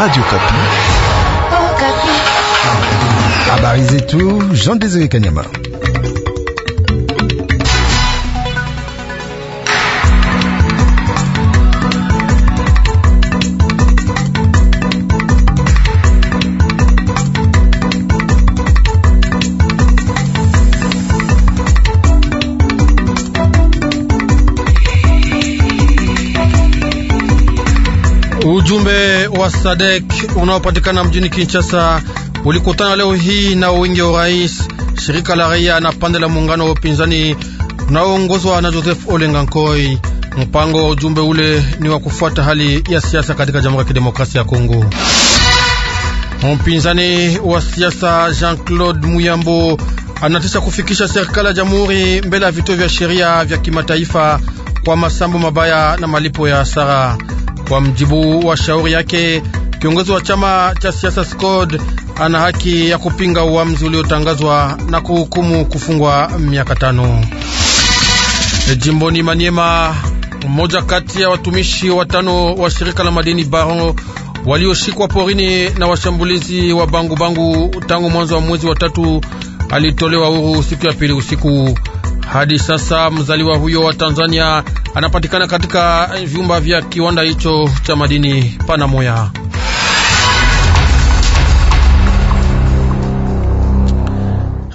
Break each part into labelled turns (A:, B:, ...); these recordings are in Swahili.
A: Radio oh, Kapi. Habari zetu Jean Desire Kanyama.
B: Ujumbe wa SADC unaopatikana mjini Kinshasa ulikutana leo hii na wingi wa rais, shirika la raia na pande la muungano wa upinzani unaoongozwa na Joseph Olenga Nkoi. Mpango wa ujumbe ule ni wa kufuata hali ya siasa katika Jamhuri ya Kidemokrasia ya Kongo. Mpinzani wa siasa Jean-Claude Muyambo anatisha kufikisha serikali ya jamhuri mbele ya vituo vya sheria vya kimataifa kwa masambo mabaya na malipo ya hasara. Kwa mjibu wa shauri yake, kiongozi wa chama cha siasa Scod ana haki ya kupinga uamuzi uliotangazwa na kuhukumu kufungwa miaka tano. Jimboni Maniema, mmoja kati ya watumishi watano wa shirika la madini Baron walioshikwa porini na washambulizi wa bangu bangu tangu mwanzo wa mwezi wa tatu alitolewa huru siku ya pili usiku. Hadi sasa mzaliwa huyo wa Tanzania anapatikana katika vyumba vya kiwanda hicho cha madini Panamoya.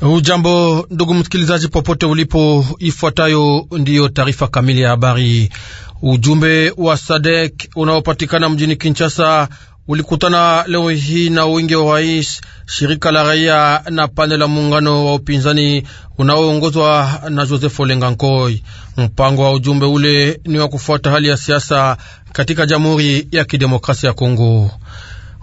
B: Ujambo ndugu msikilizaji, popote ulipo, ifuatayo ndiyo taarifa kamili ya habari. Ujumbe wa Sadek unaopatikana mjini Kinshasa ulikutana leo hii na wingi wa rais, shirika la raia na pande la muungano wa upinzani unaoongozwa na Joseph Olenga Nkoi. Mpango wa ujumbe ule ni wa kufuata hali ya siasa katika Jamhuri ya Kidemokrasia ya Kongo.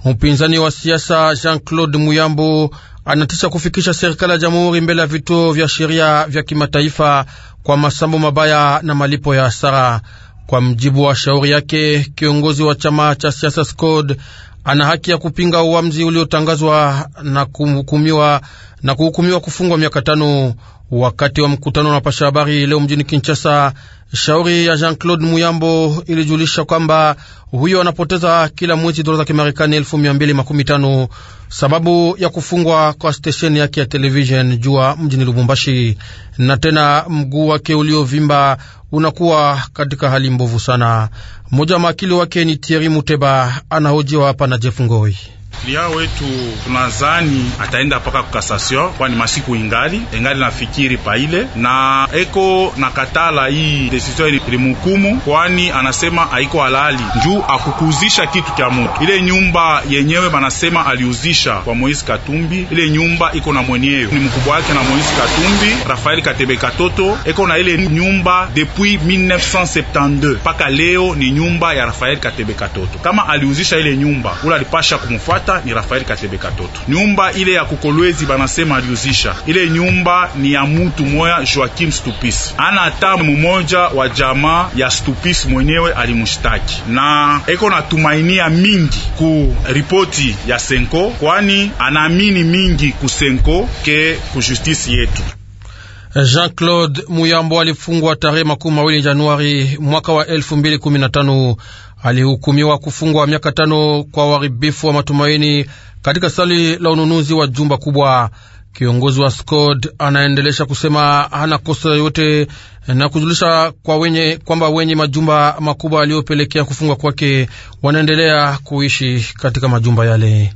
B: Mpinzani wa siasa Jean-Claude Muyambo anatisha kufikisha serikali ya jamhuri mbele ya vituo vya sheria vya kimataifa kwa masambo mabaya na malipo ya hasara. Kwa mjibu wa shauri yake, kiongozi wa chama cha siasa SCOD ana haki ya kupinga uamuzi uliotangazwa na kuhukumiwa na kuhukumiwa kufungwa miaka tano. Wakati wa mkutano na pasha habari leo mjini Kinshasa, shauri ya Jean-Claude Muyambo ilijulisha kwamba huyo anapoteza kila mwezi dola za Kimarekani elfu mia mbili makumi tano sababu ya kufungwa kwa stesheni yake ya televishen jua mjini Lubumbashi, na tena mguu wake uliovimba unakuwa katika hali mbovu sana. Mmoja wa maakili wake ni Thierry Muteba, anahojiwa hapa na Jeff Ngoi.
C: Klia wetu tunazani ataenda mpaka kukasasio, kwani masiku ingali ingali nafikiri paile na eko na katala hii decision limhukumu, kwani anasema haiko halali njuu akukuzisha kitu kya mutu. Ile nyumba yenyewe banasema aliuzisha kwa Moise Katumbi, ile nyumba iko na mwenyeo ni mkubwa wake na Moise Katumbi Rafael Katebe Katoto, eko na ile nyumba depuis 1972 mpaka leo ni nyumba ya Rafael Katebe Katoto. Kama aliuzisha ile nyumba, ula alipasha kumfuata aliyepata ni Rafael Katebe Katoto. Nyumba ile ya Kukolwezi banasema aliuzisha ile nyumba, ni ya mutu moya Joakim Stupis, ana hata mmoja wa jamaa ya Stupis mwenyewe alimushtaki, na eko na tumainia mingi ku ripoti ya Senko, kwani anaamini mingi ku Senko ke ku justisi yetu.
B: Jean-Claude Muyambo alifungwa tarehe makumi mawili Januari mwaka wa elfu mbili kumi na tano alihukumiwa kufungwa miaka tano kwa uharibifu wa matumaini katika sali la ununuzi wa jumba kubwa. Kiongozi wa Scod anaendelesha kusema hana kosa yoyote na kujulisha kwa wenye kwamba wenye majumba makubwa aliyopelekea kufungwa kwake wanaendelea kuishi katika majumba yale.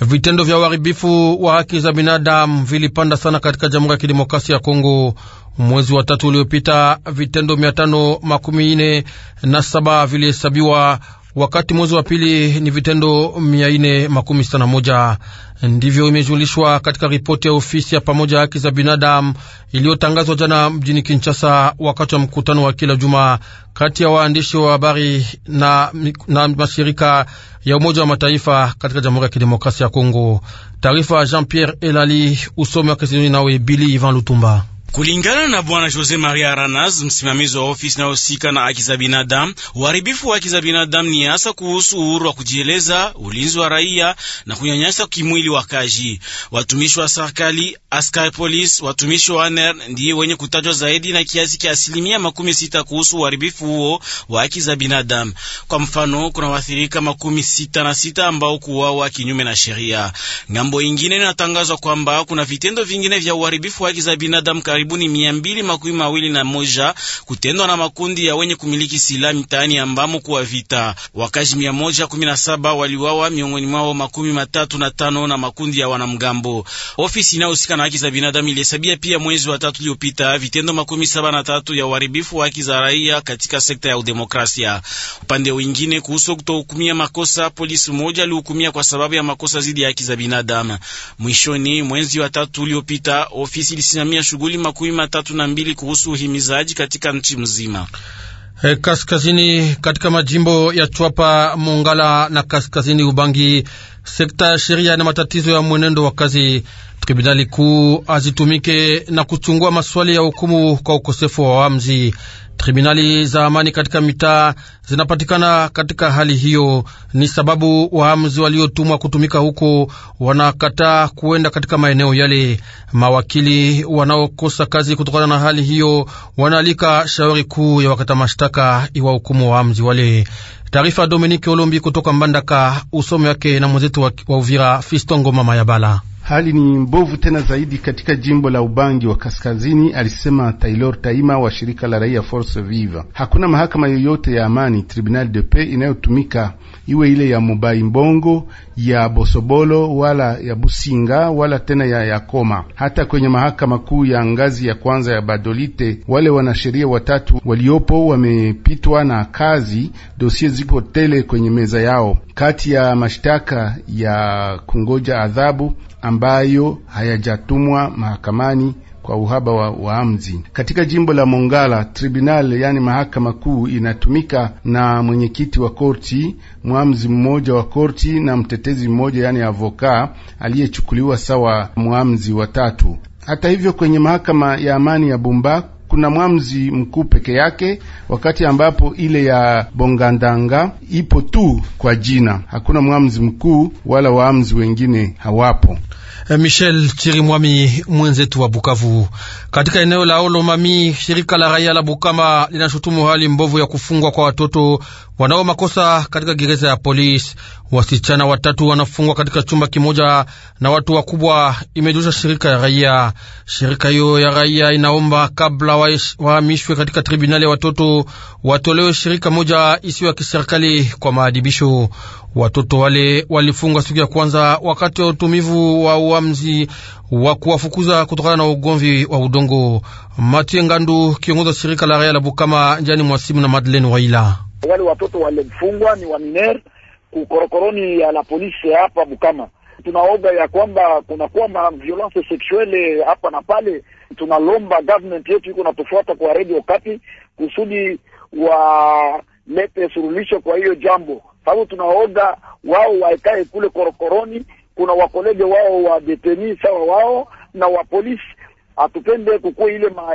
B: Vitendo vya uharibifu wa haki za binadamu vilipanda sana katika Jamhuri ya Kidemokrasia ya Kongo. Mwezi wa tatu uliopita, vitendo mia tano makumi nne na saba vilihesabiwa wakati mwezi wa pili ni vitendo mia ine makumi sita na moja ndivyo imejulishwa katika ripoti ya ofisi ya pamoja haki za binadamu iliyotangazwa jana mjini Kinshasa wakati wa mkutano wa kila juma kati ya waandishi wa habari na, na mashirika ya Umoja wa Mataifa katika Jamhuri ya Kidemokrasia ya Kongo. Taarifa Jean Pierre Elali, usomi wa Kesidoni nawe Bili Ivan Lutumba.
D: Kulingana na Bwana Jose Maria Aranas, msimamizi wa ofisi inayohusika na haki za binadamu, uharibifu wa haki za binadamu ni hasa kuhusu uhuru wa kujieleza, ulinzi wa raia na kunyanyasa kimwili wakaji. Watumishi wa serikali, askari polisi, watumishi wa ANR ndiye wenye kutajwa zaidi na kiasi cha asilimia makumi sita kuhusu uharibifu huo wa haki za binadamu. Kwa mfano, kuna waathirika makumi sita na sita ambao kuuawa kinyume na sheria. Ngambo ingine inatangazwa kwamba kuna vitendo vingine vya uharibifu wa haki za binadamu karibuni mia mbili makumi mawili na moja kutendwa na makundi ya wenye kumiliki silaha mitaani ambamo kuwa vita. Wakazi mia moja kumi na saba waliwawa, miongoni mwao makumi matatu na tano na makundi ya wanamgambo. Ofisi inayohusika na haki za binadamu ilihesabia pia mwezi wa tatu uliopita vitendo makumi saba na tatu ya uharibifu wa haki za raia katika sekta ya udemokrasia. Upande wengine, kuhusu kutohukumia makosa, polisi mmoja alihukumia kwa sababu ya makosa zidi ya haki za binadamu. Mwishoni mwezi wa tatu uliopita, ofisi ilisimamia shughuli makumi matatu na mbili kuhusu uhimizaji katika nchi mzima.
B: E, kaskazini katika majimbo ya Chwapa, Mongala na kaskazini Ubangi, sekta ya sheria na matatizo ya mwenendo wa kazi Tribunali kuu azitumike na kuchungua maswali ya hukumu kwa ukosefu wa wamzi. Tribunali za amani katika mitaa zinapatikana katika hali hiyo, ni sababu waamuzi waliotumwa kutumika huko wanakataa kuenda katika maeneo yale. Mawakili wanaokosa kazi kutokana na hali hiyo wanaalika shauri kuu ya wakata mashtaka iwa wa waamuzi wale. Taarifa Dominike Olombi kutoka Mbandaka, usome wake na mwenzetu wa Uvira Fistongo Mama Yabala. Hali ni
C: mbovu tena zaidi katika jimbo la Ubangi wa Kaskazini, alisema Taylor Taima wa shirika la raia Force Viva. Hakuna mahakama yoyote ya amani Tribunal de Paix inayotumika iwe ile ya Mobai Mbongo, ya Bosobolo wala ya Businga wala tena ya Yakoma. Hata kwenye mahakama kuu ya ngazi ya kwanza ya Badolite, wale wanasheria watatu waliopo wamepitwa na kazi, dosie zipo tele kwenye meza yao, kati ya mashtaka ya kungoja adhabu ambayo hayajatumwa mahakamani kwa uhaba wa waamzi Katika jimbo la Mongala, tribunal yani mahakama kuu inatumika na mwenyekiti wa korti, mwamzi mmoja wa korti na mtetezi mmoja, yani avoka aliyechukuliwa sawa mwamzi watatu. Hata hivyo, kwenye mahakama ya amani ya Bumba kuna mwamzi mkuu peke yake, wakati ambapo ile ya Bongandanga ipo tu kwa jina, hakuna mwamzi mkuu wala waamzi wengine hawapo.
B: Eh, Michel Chirimwami, mwenzetu wa Bukavu. Katika eneo la Olomami, shirika la raia la Bukama linashutumu hali mbovu ya kufungwa kwa watoto wanao makosa katika gereza ya polisi. Wasichana watatu wanafungwa katika chumba kimoja na watu wakubwa, imejulisha shirika ya raia. Shirika hiyo ya raia inaomba kabla wahamishwe katika tribunali ya watoto watolewe shirika moja isiyo ya kiserikali kwa maadibisho. Watoto wale walifungwa siku ya kwanza wakati wa utumivu wa uamzi wa kuwafukuza kutokana na ugomvi wa udongo. Matie Ngandu, kiongozi wa shirika la raia la Bukama, njani mwasimu na Madeleine Waila.
E: Wale watoto walifungwa ni wa minere kukorokoroni ya la polisi hapa Bukama. Tunaoga ya kwamba kunakuwa ma violence sexuelle hapa na pale. Tunalomba government yetu iko natufuata kwa radio kati kusudi walete surulisho kwa hiyo jambo, sababu tunaoga wao waikae kule korokoroni. Kuna wakolege wao wa deteni sawa wao na wa polisi, hatupende kukua ile ma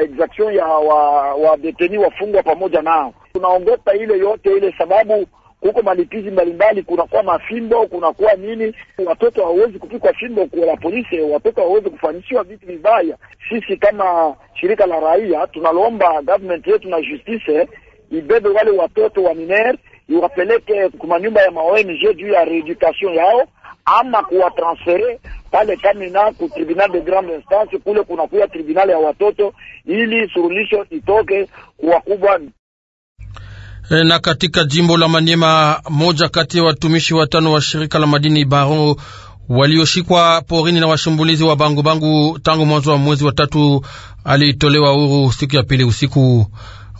E: ya wa, wa deteni wafungwa pamoja nao. Tunaongota ile yote ile sababu kuko malipizi mbalimbali, kunakuwa mafimbo, kunakuwa nini, watoto hawawezi kupikwa fimbo kwa polisi, watoto hawawezi kufanyishiwa vitu vibaya. Sisi kama shirika la raia tunalomba government yetu na justice eh, ibebe wale watoto wa minere iwapeleke kwa nyumba ya maong juu ya reeducation yao, ama kuwatransfere pale Kamina ku tribunal de grande instance, kule kunakuya tribunal ya watoto, ili surulisho itoke kuwakubwa.
B: Eh, na katika jimbo la Manyema, moja kati ya watumishi watano wa shirika la madini Baro walioshikwa porini na washumbulizi wa bangubangu tangu mwanzo wa mwezi wa tatu alitolewa huru siku ya pili usiku.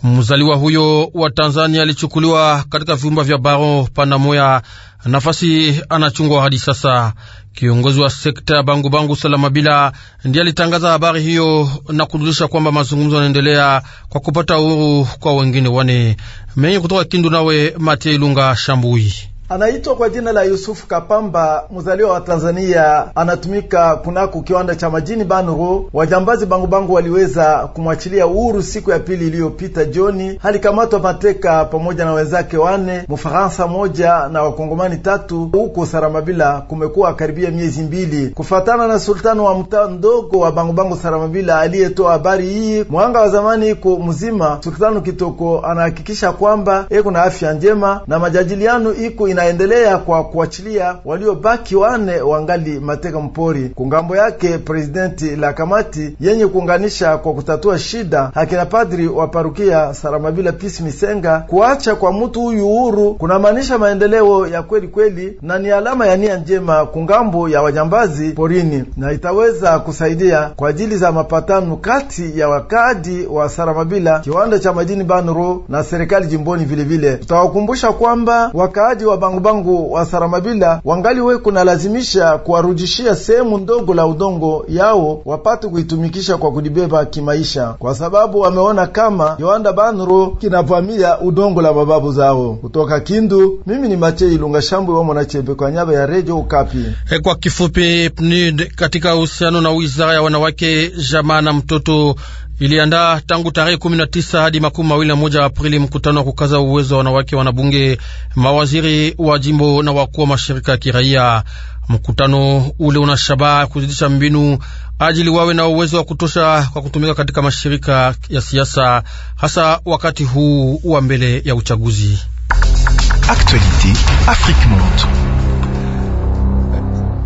B: Mzaliwa huyo wa Tanzania alichukuliwa katika vyumba vya Baro panamoya nafasi anachungwa hadi sasa. Kiongozi wa sekta ya Bangu Bangu Salama Bila ndiye alitangaza habari hiyo na kudulisha kwamba mazungumzo yanaendelea kwa kupata uhuru kwa wengine wane menye kutoka Kindu. Nawe matia Ilunga Shambui.
A: Anaitwa kwa jina la Yusufu Kapamba, mzaliwa wa Tanzania, anatumika kunako kiwanda cha majini Banro. Wajambazi bangubangu waliweza kumwachilia uhuru siku ya pili iliyopita jioni. Halikamatwa mateka pamoja na wenzake wane, Mfaransa moja na Wakongomani tatu. Huko Saramabila kumekuwa karibia miezi mbili, kufatana na sultani wa mtaa ndogo wa bangubangu Saramabila aliyetoa habari hii. Mwanga wa zamani iko mzima, Sultani Kitoko anahakikisha kwamba eko na afya njema na majadiliano iko inaendelea kwa kuachilia waliobaki wane wangali mateka mpori. Kungambo yake presidenti la kamati yenye kuunganisha kwa kutatua shida hakina padri wa parukia Saramabila Pisi Misenga, kuacha kwa mtu huyu huru kunamaanisha maendeleo ya kweli kweli, na ni alama ya nia njema kungambo ya wajambazi porini, na itaweza kusaidia kwa ajili za mapatano kati ya wakadi wa Saramabila, kiwanda cha madini Banro na serikali jimboni. Vilevile tutawakumbusha kwamba wakaaji wa wabangubangu wa Saramabila wangali weko nalazimisha kuwarudishia sehemu ndogo la udongo yao wapate kuitumikisha kwa kudibeba kimaisha, kwa sababu wameona kama Yohanda Banro kinavamia udongo la mababu zao. Kutoka Kindu, mimi ni Mache Ilunga Shambwe wa Mwanachembe kwa nyaba ya Redio Ukapi. He,
B: eh, kwa kifupi PNUD katika uhusiano na wizara ya wanawake, jamaa na mtoto iliandaa tangu tarehe 19 hadi makumi mawili na moja Aprili mkutano wa kukaza uwezo wa wanawake wanabunge, mawaziri wa jimbo na wakuu wa mashirika ya kiraia. Mkutano ule una shabaha kuzidisha mbinu ajili wawe na uwezo wa kutosha kwa kutumika katika mashirika ya siasa, hasa wakati huu wa mbele ya uchaguzi. Actualite Afrique Monde.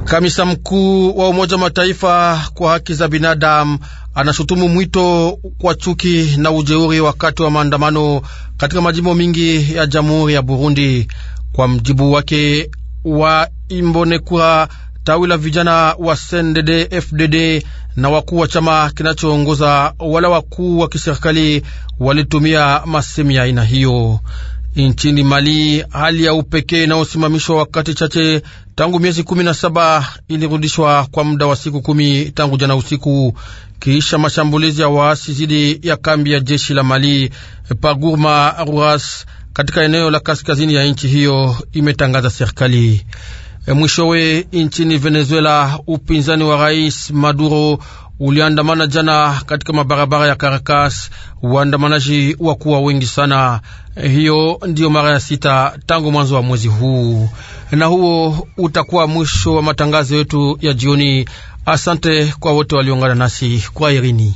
B: Kamisa mkuu wa Umoja Mataifa kwa haki za binadamu anashutumu mwito kwa chuki na ujeuri wakati wa maandamano katika majimbo mingi ya Jamhuri ya Burundi. Kwa mjibu wake wa Imbonekura, tawi la vijana wa SNDD FDD na wakuu wa chama kinachoongoza wala wakuu wa kiserikali walitumia masemi ya aina hiyo. Nchini Mali, hali ya upekee inayosimamishwa wakati chache tangu miezi kumi na saba ilirudishwa kwa muda wa siku kumi tangu jana usiku, kiisha mashambulizi ya waasi dhidi ya kambi ya jeshi la Mali Pagurma Ruas katika eneo la kaskazini ya nchi hiyo, imetangaza serikali. E, mwishowe nchini Venezuela upinzani wa Rais Maduro uliandamana jana katika mabarabara ya Caracas, waandamanaji wakuwa wengi sana. E, hiyo ndiyo mara ya sita tangu mwanzo wa mwezi huu, na huo utakuwa mwisho wa matangazo yetu ya jioni. Asante kwa wote waliongana nasi kwa Irini.